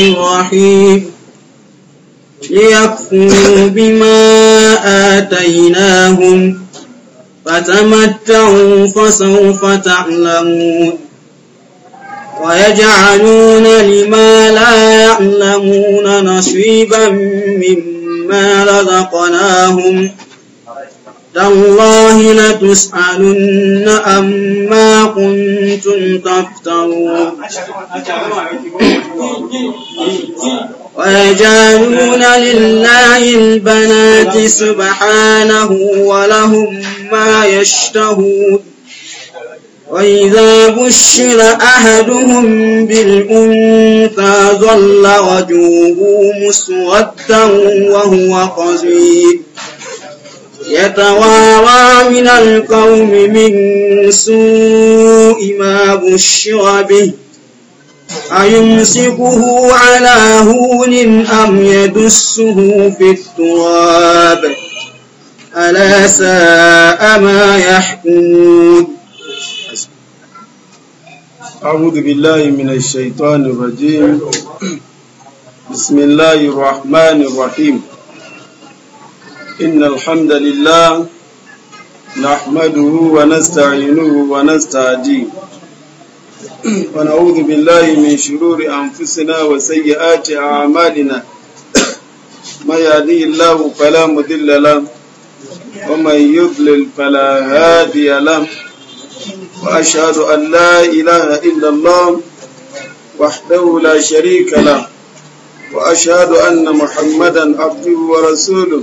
الرحيم ليكفروا بما آتيناهم فتمتعوا فسوف تعلمون ويجعلون لما لا يعلمون نصيبا مما رزقناهم تالله لتسألن أما كنتم تفترون ويجعلون لله البنات سبحانه ولهم ما يشتهون وإذا بشر أحدهم بالأنثى ظل وجوه مسودا وهو قزيم يتواوى من القوم من سوء ما بشر به أيمسكه على هون أم يدسه في التراب ألا ساء ما يحكمون أعوذ بالله من الشيطان الرجيم بسم الله الرحمن الرحيم إن الحمد لله نحمده ونستعينه ونستهديه ونعوذ بالله من شرور أنفسنا وسيئات أعمالنا ما يهديه الله فلا مضل له ومن يضلل فلا هادي له وأشهد أن لا إله إلا الله وحده لا شريك له وأشهد أن محمدا عبده ورسوله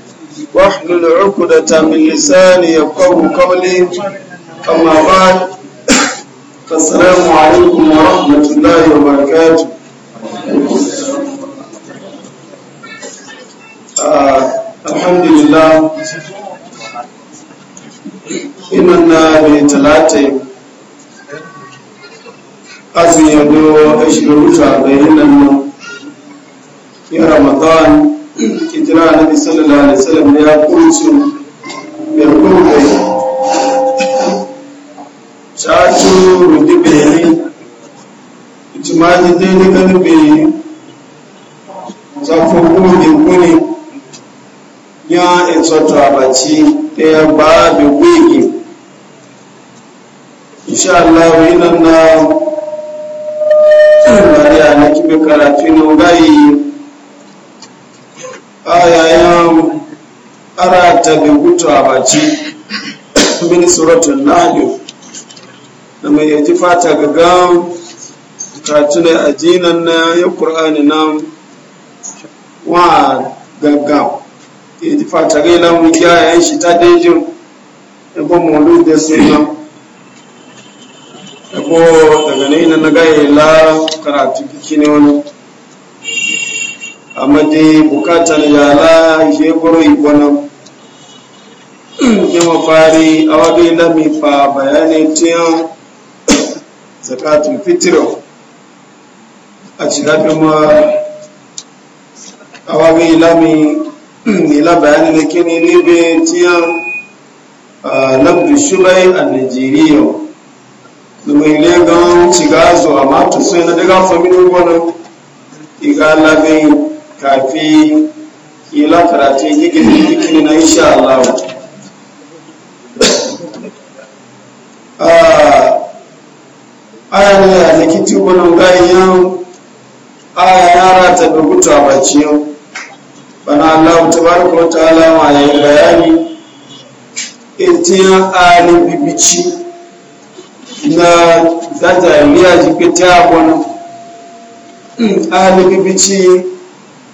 واحلل عقدة من لساني يفقه قولي أما بعد فالسلام عليكم ورحمة الله وبركاته آه. الحمد لله إننا بثلاثة أزيادو أشهر شهرين يا رمضان ke jira annabi sallallahu alaihi wasallam ya kurce ya kurbe shatu rudi bayani ijmaji dai ne kan bayani zafo kuni kuni ya etsoto abaci ya ba wigi insha Allah winan na Maria ne kibe karatu ne ugayi ayayen arata bi gutu a baci min suratun nahlu da mai yaji fata ga gam katunai ajinan na ya ƙur'ani nan wa gaggam yaji fata ga ya wukiyayen shi ta dejin ebo molu da suna ebo daga na ina na gaya la karatu kiki ne wani amma dai bukata yala ife kuro igbono yawan fari a wadda lami fa bayani tiyan zakatun fitiro a cikin ma a wadda lami nila bayani da kini libe tiyan lambu shulai a nigeria domin legon cigazo a matu sai na daga famili gwanon iga labin kafi kila karatu higini higini na insha Allah ah, aya ne ya zaki tuba nan a aya yara ta dubuta bace bana Allah tabaraka wa alama ya yi bayani a ali bibici na zata riya jikita gona hmm, ali bibici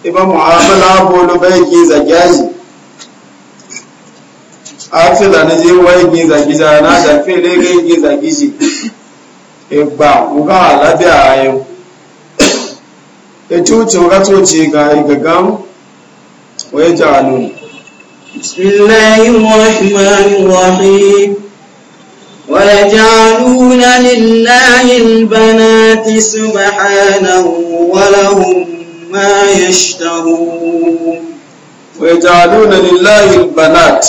iba mu'amala bolo bai ki zagyaji afila na je wai ki zagija na da fele ga ki zagiji igba uga alabi ayo etuce uga tuce ga igagam wai jalun bismillahir rahmanir rahim ويجعلون لله البنات سبحانه ولهم ما يشتهون ويجعلون لله البنات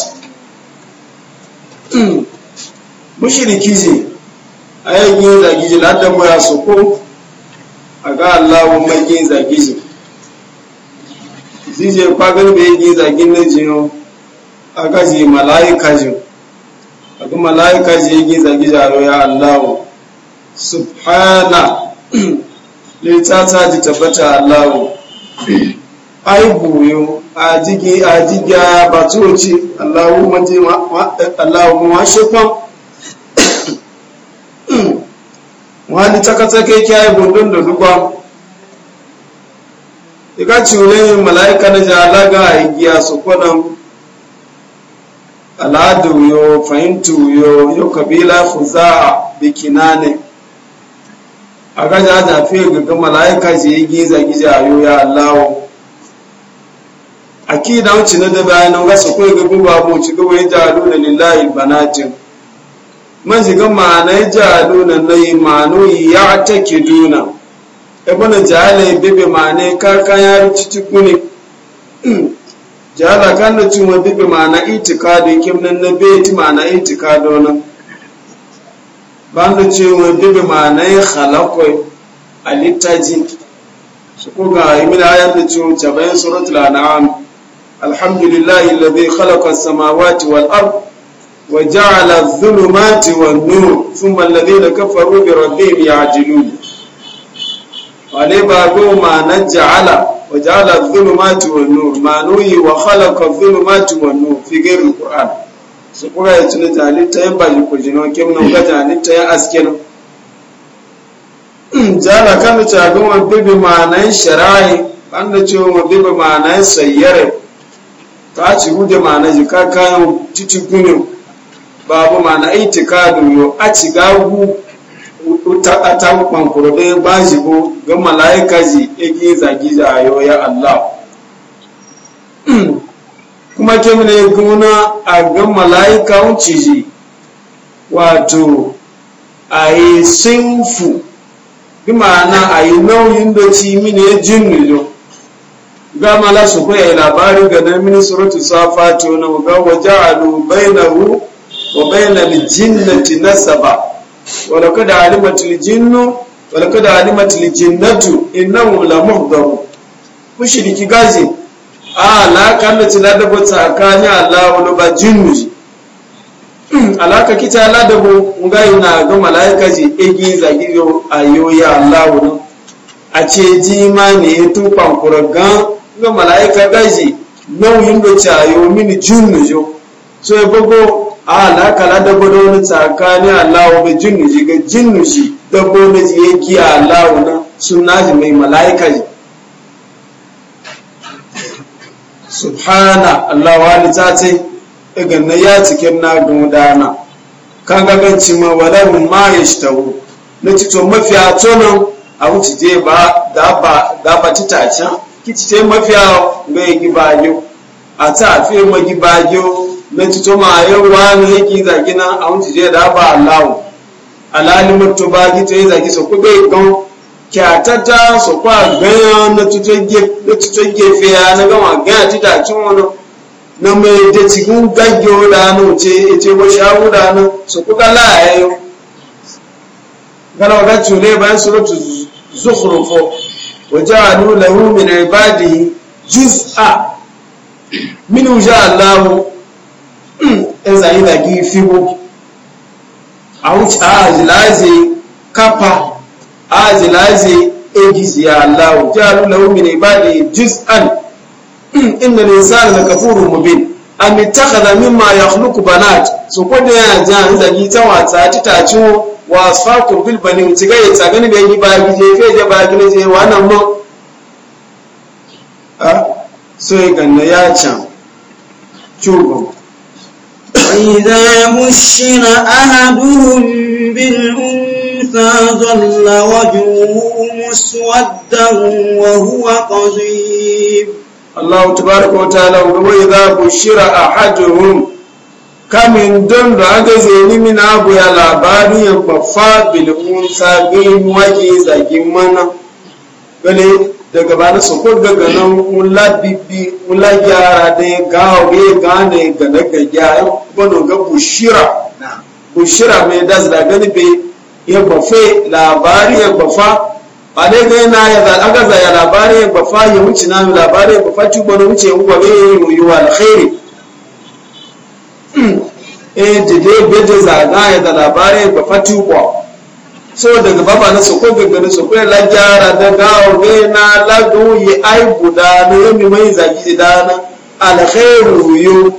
mushriki ce a yankin zage shi ladan baya su ko a ga allahu mai yin zage shi zije kwagar bai yin zage na jiyo a ga shi mala'ika a ga mala'ika ji yin zage shi a ya allahu subhana le tsatsa ji tabbata allahu ai buyo, a jigi a jiga ba tsoci allahu maji allahu ma shekwan wani ki kyaye gundun da dukwa iga cire mala'ika na jalaga a igiya su kwadan al'adu yo fahimtu yo yo kabila fuza bikinane a gaja ta fiye ga mala'ika ce ya giza giza a yoya allawo a ki da wuce na da bayan nan gasa kawai ga guba mu ci gaba ya ja da lillahi banatin man shiga ma'ana ya jalu na yi ma'ano ya ke duna ibn jahala ya bebe ma'ana karkan ya ruci tukuni jahala kan da cin wa bibe ma'ana itikadu kimnan na beti ma'ana itikadu nan banda cewa bibi manai halakwai a littaji su kuka yi mini ayar da cewa cabayin suratul an'am alhamdulillahi alladhi khalaqa as-samawati wal ard wa ja'ala adh-dhulumati wan nur thumma alladhina kafaru bi rabbihim ya'jilun wale ba go ma'anar ja'ala wa ja'ala adh-dhulumati wan nur ma'nuhi wa khalaqa adh-dhulumati wan nur fi ghayri al-qur'an su ya tuni ta halitta ya baji kujino kim na kuga ta halitta ya aske na jala kan ta abin wa bibi ma'anan shara'i an da ce wa bibi ma'anan sayyare ta ci hude ma'anan jika kayan titi gunin babu ma'ana itikadu yo a ci gagu a ta kwankuro ɗaya ba shi ko ga mala'ika ji ya giza giza yo ya Allah kuma kemine guna a ga mala'ika ciji wato a yi sinfu bi ma'ana a yi nauyin da ci ya jin nilo ga mala su kuwa yi labari ga na mini suratu safato na ga waje na bainahu wa bainal jinnati saba. wala kada alimatul jinnu wala kada alimatul jinnatu innahu kushi da ki gazi Ah, alaka lati ladabo tsakani allahu lo ba jinnu alaka kita ladabo yi na ga malaika ji egi yi ayoya allahu no a ce ji ma ne ya pankura gan ga malaika gaji nauyin do chayo mini jinnu jo so ya e a ah, alaka ladabo do ni tsakani allahu be jinnu ji ga jinnu ji dabo da ji egi allahu na sunna ji mai malaika ji subhana Allah wani ta ce daga na ya cikin na gudana kan gaganci ma walarun ma ya shi tawo na cito mafi a tonon a wuce je ba da ba ci ki ci ce mafi a ga ba gibayo a ta fi ma gibayo na cito ma yau ne yake zagina a wuce je da ba alawo alalimar to ba gita yi zagi so kube gan kyatata su kwa ganyan na tutun gefe ya na gama gaya ti da cin na mai da cikin gagyo da na wuce ita ko shagu da na su kuka laye yau gana ga cule bayan suratu zukhrufo wa ja'alu lahu min ibadihi juz'a min wuja Allah in zai da gifi ko a wuce a ajilaze kafa azilazi egizi ya Allah jalu lahu min ibadi juz'an inna al-insana lakafurun mubin am ittakhadha mimma yakhluqu banat so ko da ya ja an zagi ta wata ta ta wa asfaku bil bani tiga ya tsagani da yi ba je fe je ba gine je wannan mu a so ya ganna ya can ciwo وإذا mushina ahadun bil إذا ظل وجهه مسودا وهو قضيب الله تبارك وتعالى وإذا بشر أحدهم kamin don da aka zeni min abu ya labari ya bafa bilkun sabin wake daga bana su ko daga nan mula bibi mula yara da ya gawo ya gane ga daga gyara gwano ga bushira bushira mai da zira gani bai ya bafe labari ya bafa ba dai ga yana ya za ya labari ya bafa ya wuce na labari ya bafa tuba na wuce yan gwabe ya yi wa alkhairi eh jide bede zaga ya da labari ya bafa tuba so daga baba na soko gaggare soko ya lajara da gawo ga na lagu yi ai guda na yami mai zaki da na alkhairu yo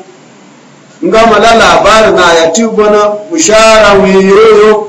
ngama la labari na ya tuba na bushara yoyo.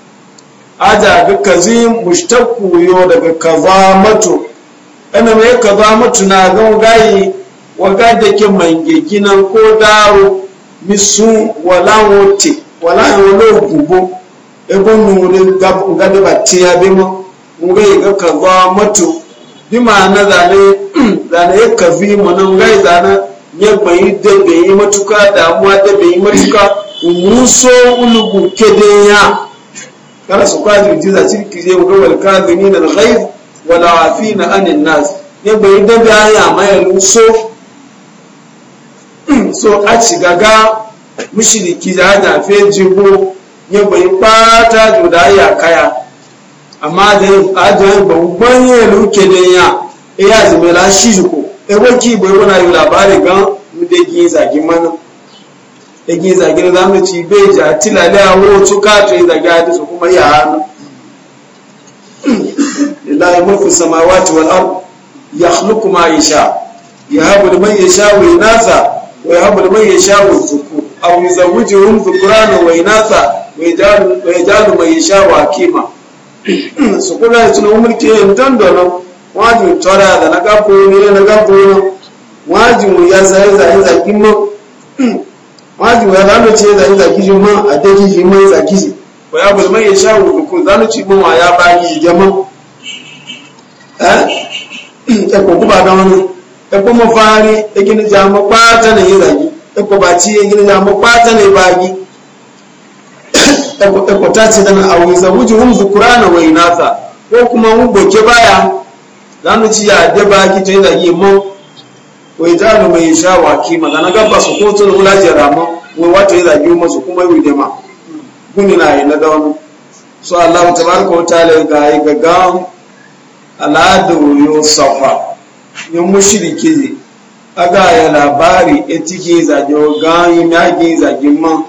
aja ga kazi mushtaku yo daga kazamatu ana mai kazamatu na ga gayi wa ga da ke mangeki nan ko daro misu wala wote wala wala gubo ebo ne ga da batiya be mo mu ga kazamatu bi ma'ana zane zane kazi mu nan gai zane ya yi da yi matuka damuwa da yi matuka umuso ulugu kedenya ya kana su kwaji jiza cirki je ga wal kadhimin al ghayb wal afina anin nas ne bai da ga ya mai so so a ci gaga mushriki da da fe jibo ne bai da ya kaya amma da ajoyin ba gwanye luke da ya ya zumela shi ko ebo ki bai wani labarin gan mu da gi zagi yake izagire zamu ci beji atilale awo tukato da hadisu kuma ya hannu lillahi mulku samawati wal ard yakhluqu ma yasha yahabu liman yasha wa inatha wa yahabu liman yasha wa dhukur aw yuzawwijuhum dhukrana wa inatha wa yajalu wa man yasha wa akima ya kula tuna umurke mtondo na wajin tora da ne na nagapo wajin ya zaiza inza kimo waji wa zanu ce zan zaki shi ma a daki shi man zaki shi wa ya bul ya sha wudu kun zanu ci man wa ya bani jama eh e ko ku ba da wani e ko mo fari e gina jama kwata ne zaki e ko ba ci e gina jama kwata ne bagi e ko ta ce dan awu zawujuhum zukrana wa inatha ko kuma mun boke baya zanu ci ya da bagi to zaki mo? wai ta ga mai sha wa kima na gaba su ko tun wula jarama wai wata ya zagi masu kuma yi dama Kuni na yi na dawo so Allah ta baraka wa ta'ala ga yi gaggawa al'adu yo safa yan mushriki aga ya labari etike zagi gayi nagi zagi man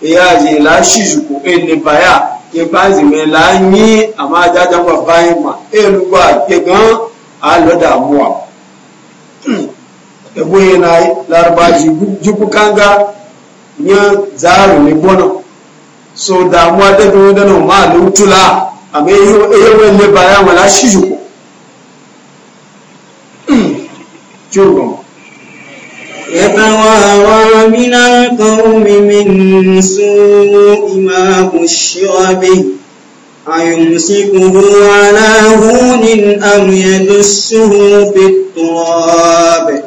ya je la shiju ko ene baya ke bazi me la nyi ama jaja kwa bayi ma elu kwa ke gan alo da muwa eboye na larba jiku kanga nya zaru ni bono so damuwa da biyu da na ma lutula a mai yawon ne bayan wala shi jiku jirgin يتوارى من القوم من سوء ما بشر به أيمسكه على hunin أم يدسه في التراب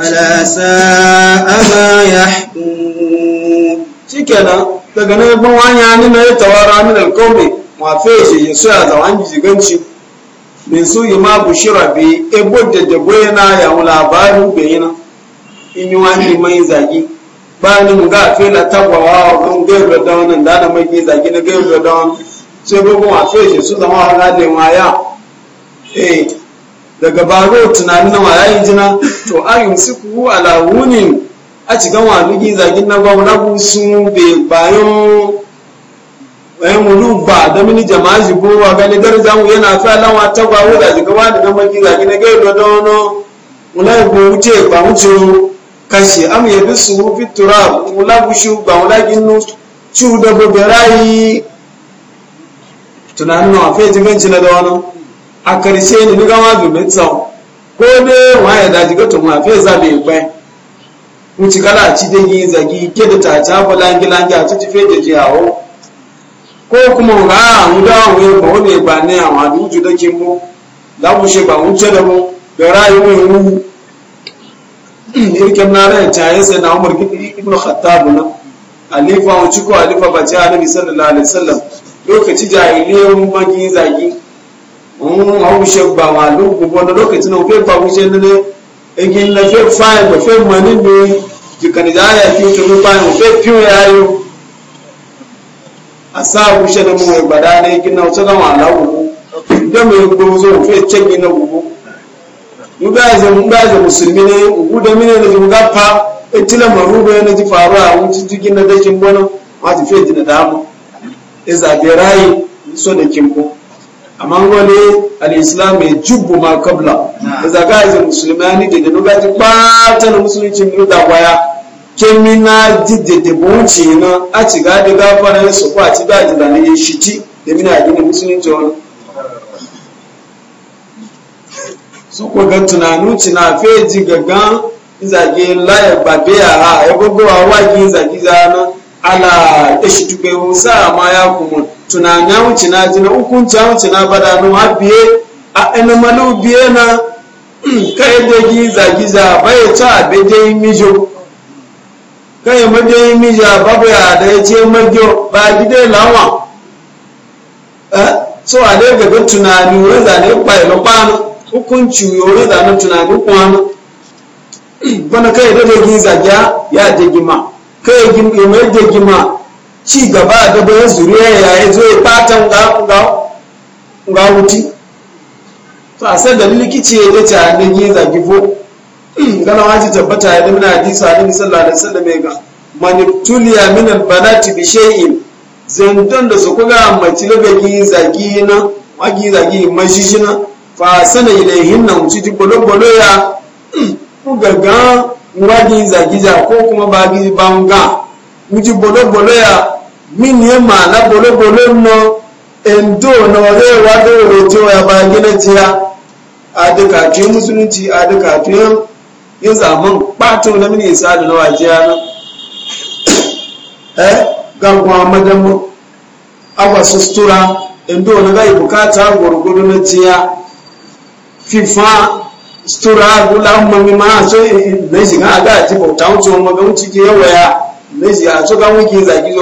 ala sa'a ma yahkum shikenan daga nan ban wanya ni mai tawara min alqawmi ma feje su ya da wani jiganci min su yi ma bushira bi ebo da goye na ya labarin bayina in yi wani mai zagi ba ni mu ga fela wa don gairu da wani da na mai zagi na gairu da wani. sai bugun a shi su zama hana da maya eh daga baro tunanin na yayi jina to an yumsiku ala wunin a cikin wadugi zagin na gwamnati sun da bayan bayan mulu ba da mini jama'a ji gowa gani daraja mu yana fi alawa ta gwawo da jiga wani nan baki zagin na gaido da wani mulai go wuce ba wuce kashi am ya bi su fitura turab mulai ba mulai ginu cu da bugarayi tunanin na fa jigan ci da wani a karshe ne ni gama domin tsawon ko ne wa ya daji gato ma fiye za be gbe mu ci kala ci da yi zagi ke da ta ba langi langi a ci fe da jiyawo ko kuma ga mu da mu ba wani ba ne a wani ju da ke mu da mu she ba mu ce da mu da rayuwar mu irkin na ran ta yi sai na Umar ibn Khattab na alifa mu ci ko alifa ba ci annabi sallallahu alaihi wasallam lokaci jahiliyar mu magi zagi òun àwọn oṣù gbà wà ló gbogbo ọdọ lókètí náà òfé gba oṣù nílé egi ńlẹ fẹ fáìn òfé mọ níbi jìkànnìjà fi oṣù mi fáìn òfé píù ya yó asa oṣù ní mo gbàdá ní egi náà ọtọ náà wà láwùwọ ndéèmé gbogbo oṣù òfé tẹgbin náà gbogbo nígbà ẹsẹ nígbà ẹsẹ mùsùlùmí ní òkú dẹmí ní ẹnìjì nígbà pa etílẹ mọ̀rú bẹ ẹnìjì fàárọ̀ àwọn títí kí ní ẹdẹ́jì ń gbọ́ná wọn ti amma wani al'islam mai jubbu ma kabla da zaga a musulmani da dano gaji na musulunci biyu da kwaya kemi na didde bunci na a ci gadi gafara ya su kwa ci da ne shi ci da mina gina musulunci wani su kwa ga tunanu ci na feji gaggan zage laye babe a ha ya gogowa wagi zagi zana ala da shi tukai ma ya kuma tunanya wuce na jina hukunci wuce na bada nu har biye a ina malu biye na hmm, kai da giza giza baya ta abe yin mijo kai ma yin mijo babu ya da ya ce magyo ba gide lawa eh, so a dai gaba tunani wani zane kwaye na kwana hukunci yori zane tunani kwana hmm, bana kai da da giza ya da gima kai ya mai da gima ci gaba da bayan zuriya ya zo ya fatan ga wuti to a da dalilin likici ya dace a nan yin zagi fo gana ji tabbata ya dimna hadisi a nabi sallallahu alaihi wasallam ya ga manitulia min albanati bi shay'in zandon da su kuga mace lagagi zagi na wagi zagi mashishi na fa sana ilaihin na mutu ji bolo ya ku gaga wagi zagi ja ko kuma ba gi ba nga mutu bolo ya mini ya ma'ana bolo-bolon no endo na warewa da ya ba gina tiya a musulunci a duka tuyin yin zaman na mini da na wajiya na eh gangwa madamu awa sustura endo na gai bukata gwargwado na tiya fifa sutura gula mami ma so na shiga a ga ji bauta wuce wani magawuci ke yawaya na shiga a wiki zagi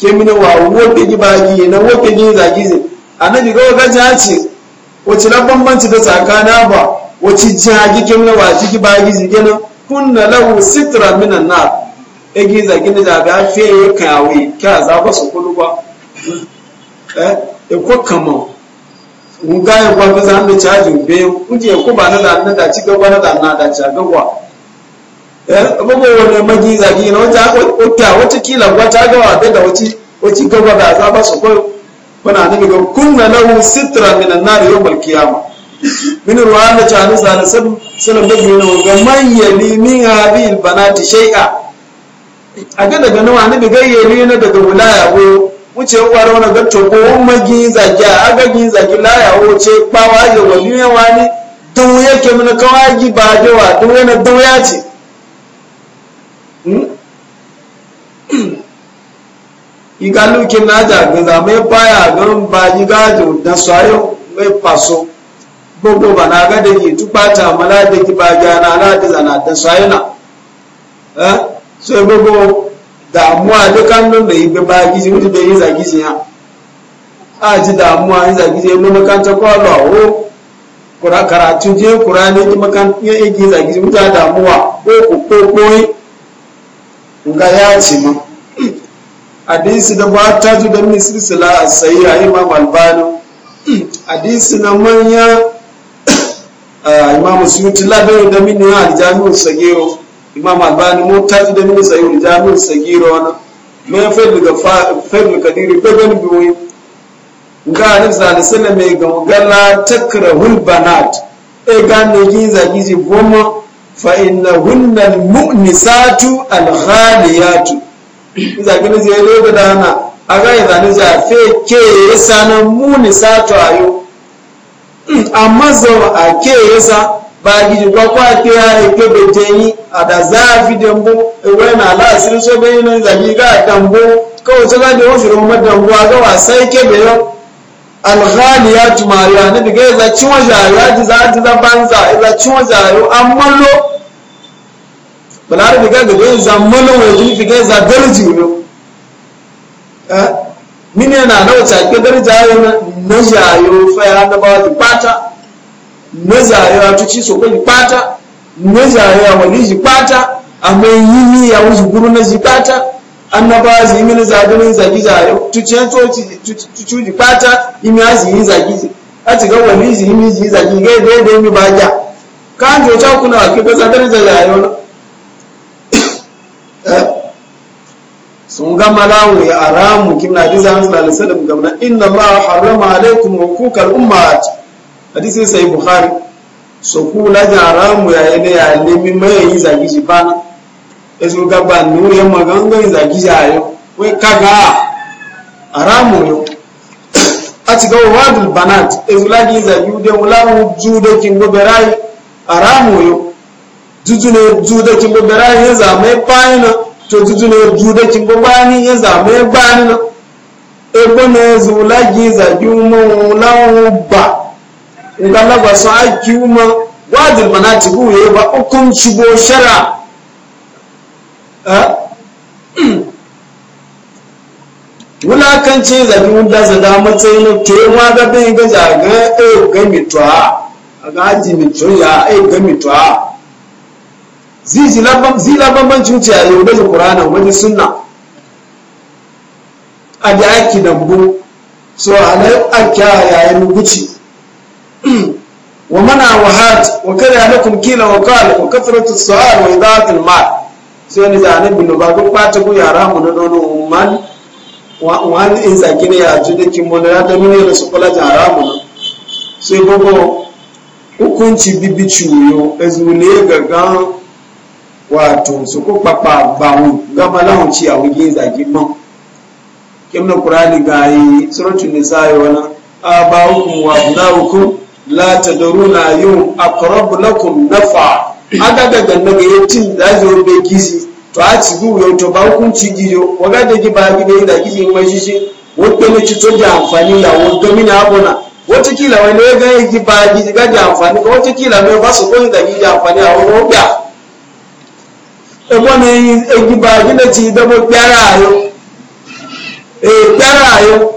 kemina wa wote ji bagi na wote ji zagize annabi ga ga jaci wace na bambanci da tsakana ba wace jagi kemina wa ji bagi gina kunna lahu sitra minan nar egi zagina da ga fe kawai ka za ba su kulu ba eh e ko kama mun ga ya e ba za mu caji be kuje e ku ba na da na da ci gaba na da na da ci gaba Eh, bugu wani magi zagi na wata akwai wata kila wata gawa da da wace wace gaba da za ba su koyo kuna ne daga kunna lahu sitra min an-nar yawm al-qiyamah min ruwan da ta nisa da sallam da mun ga man yali min hadhihi al-banati shay'a a ga daga nawa ne daga yali na daga wulaya wo wuce kwaro wani ga to ko magi zagi a ga gi zagi laya wo ce bawa ya wani yawa ne yake mun kawagi ba da wa duk wani dauya ce Hmm? iga lukin na jagaza mai baya garin ba iga da sayo mai faso gbogbo ba na ga da ke tupata mala da ki ba gana na da zana da sayo na eh? so gbogbo damuwa dukkan don da yi ba gizi wuce da yi zagisi ha a ji damuwa yi zagisi ya mamakanta kwallo a wo karatu je kurani ya yi zagisi wuce damuwa ko ko ko nga ya ce mu hadisi da ba ta ji don misilsila a sayi a imam albani hadisi na manya eh, imam suyuti labarin da mini a jami'in sagiro imam albani mu ta ji da mini sayi jami'in sagiro wani mai faidu ga faidu kadiri fagen biyu nga alif zalisala mai gamgala takrahul banat e gane giza gizi goma fa'inahunan mu'nisatu alhaliyatu zaki ne zai lobe da hana a gaya zane zai fe ke yasa na mu'nisatu a yau a maza a ke yasa ba gidi kwakwa ke ya ke bejeni a da zafi dambo ewe na lasirin yi nan zaki ga dambo kawai sai ga da wasu romar dambo a gawa sai ke da yau alghaliyatu mariya ne daga ya zaci wajayo ya ji za ji banza ya zaci wajayo an mallo balare daga daga ya za mallo ya ji daga ya za darji ne eh, mini yana na wata ke darja yau na jayo faya na ba ta pata na jayo ya tuci so kai pata na jayo ya wani ji pata amma yi ya wuce guru na ji pata annaba su yi mini zagunin zagi zare tuce toci tuci pata imi a su yi zagi a ci ga wani su yi mi su yi zagi ga yadda yadda mi bagya ka an jota kuna eh? a kifa zagunin zagi zare wani sun gama lawo ya aramu kim na hadisa hansu na alisalam gamna inna ma harama alaikum hukukar ummat hadisi sai bukhari so ku lajin aramu ya yi ne ya nemi mai yi zagi ba bana ezu gaba nuri yamma gangan zagi yayo wai kaga aramu yo ati ga wadul banat ezu lagi zagi yude wala judo kin go berai aramu yo jujune jude kin go berai ya zame paina to jujune jude kin go bani ya zame bani na ebo na ezu lagi zagi mu lawo ba ngalaga so aki mu wadul banat go ye ba hukum shigo shara Eh? ce zabi da su da matsayin tewa ga bin gaja eh, ga ɗaya ga mituwa a ga haji mituwa a ɗaya eh, ga mituwa zila bambanci wuce a yau daji kurana wani suna. a da ake da bu so a nan aki a yayin guci wa mana wa hajj wa kare alaikum kila wa kala wa kafaratu su'ar wa idatul mal sai ni zane bin ba ko pata ko yara mu na nono man wan in zaki ne ya jude kin mo na da mune da su kula jara mu sai gogo hukunci bibi ciwo ezule gaga wato su ko papa mu gama lahun ci a wuge zaki mo kimna qur'ani gayi suratul nisa yi yana abawukum wa abnaukum la tadruna yum aqrab lakum nafa agagaga naga yetin zazo be gizi to a cigu yau to ba ci hukunci gijo waga da ji ba gibe da gizi mai shishi wanda ne cito da amfani da wanda mina abuna wata kila wani ya ga yi ba gizi ga da amfani ko wata kila mai ba su kun da gizi amfani a wani wanda e bona yi e gi ba gida ci da bo pyara ayo e pyara ayo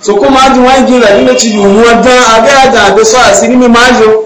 so kuma ajin wani gila ni ne ci yuwa da aga da da so asiri mi jo.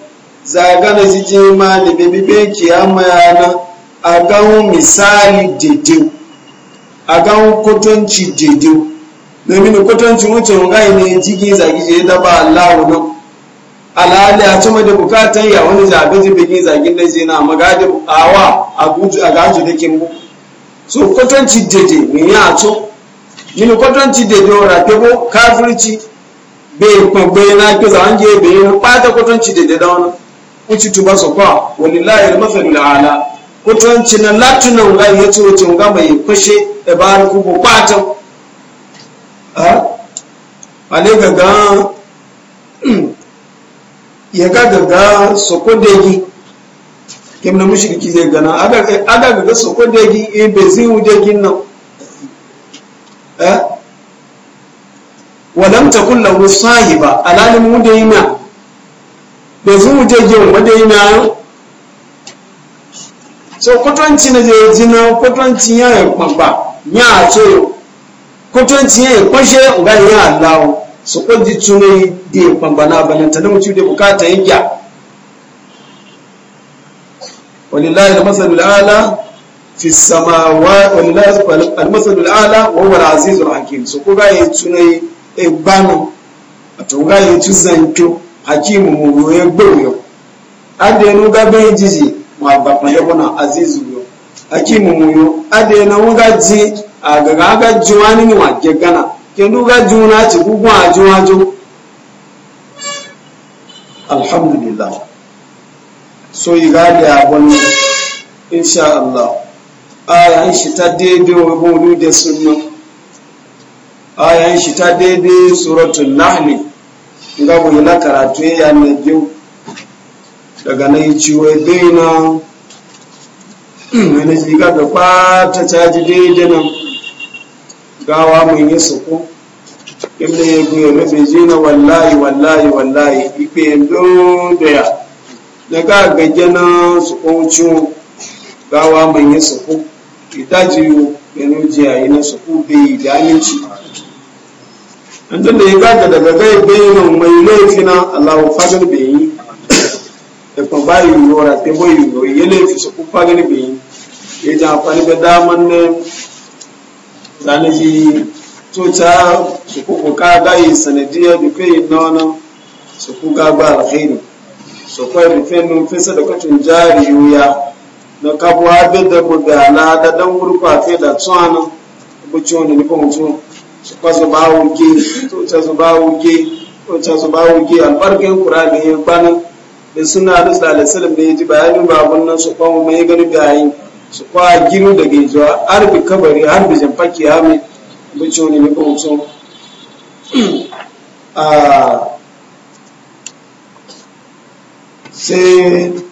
zagana jiji ne bebi beki na a gan misali dede. a gan kotonci dede. domin kotonci wuce gai ne jigi zagi je da ba allahu nan alhali a cima da bukatan ya wani je bigi zagin da jina magadi awa a gaji da kin so kotonci dede ne ya to mini kotonci dede ora tebo kafirci bai kwagbe na ke an be bai kwata kotonci dede da wani uchi tuba sokwa walillahi almathalu ala kutanci na latuna wula ya ce wace nga mai fashe da bayan kubo kwata a ne gaga ya ga gaga sokondegi kim na mushriki zai gana aga gaga sokondegi in bezin wudegin nan walam takun lahu sahiba alalin wudegin nan yanzu mu je gyan madaina so kwatanci na je jina kwatanci ya yi kpamba ya to kwatanci ya yi kwashe ga ya lawo su kwaji tunai da ya kpamba na balanta na mutu da bukata ya gya walillahi da masalul ala fi wa samawa walillahi almasalul ala wa huwa al-azizul hakim so ko ga ya tunai e banu to ga ya tuzanto hakimu mu ye gbewuyo adenu gabe jiji wa gbapa yebona azizu yo hakimu mu yo adena ka ji agaga aga juwani ni wa gegana kendo ga juna ci gugu a juwa ju alhamdulillah so yi gadi a wani insha Allah ayan shi ta daidai wa de da aya ayan shi ta daidai suratul nahli nga boye la karatu ya ne biyu daga na yi ciwo dai na wani shiga da kwata caji daidai gawa mai yi suku ibn ya goye mafi jina wallahi wallahi wallahi ipe yanzu da ya na ga gagge na sukun ciwo gawa mai yi suku itaji yau ganin jiyayi na suku bai da aminci tun da ya gaga daga zai bayanan mai na allahu fagar bai yi da kuma ba yi yora ta bai yi yori ya laifi su kuma fagar bai yi ya ji amfani da daman na zanaki to ta su kuka ka gayi sanadiyar da kai na wani su kuma ba alheri su fi rufe da kacin jari yuya na kabuwa bin da budala da dan gurfa fi da tsohon nan da nufin mutum kwazo ba wuge to cazo ba wuge to cazo ba wuge albarkin qur'ani ya bana da suna da sallallahu da ya ji bayanin babun nan su kwamu mai gani bayin su kwa ginu da gejuwa har bi kabari har bi jan fakki ya mai bicho ne mai kuma ah, so sai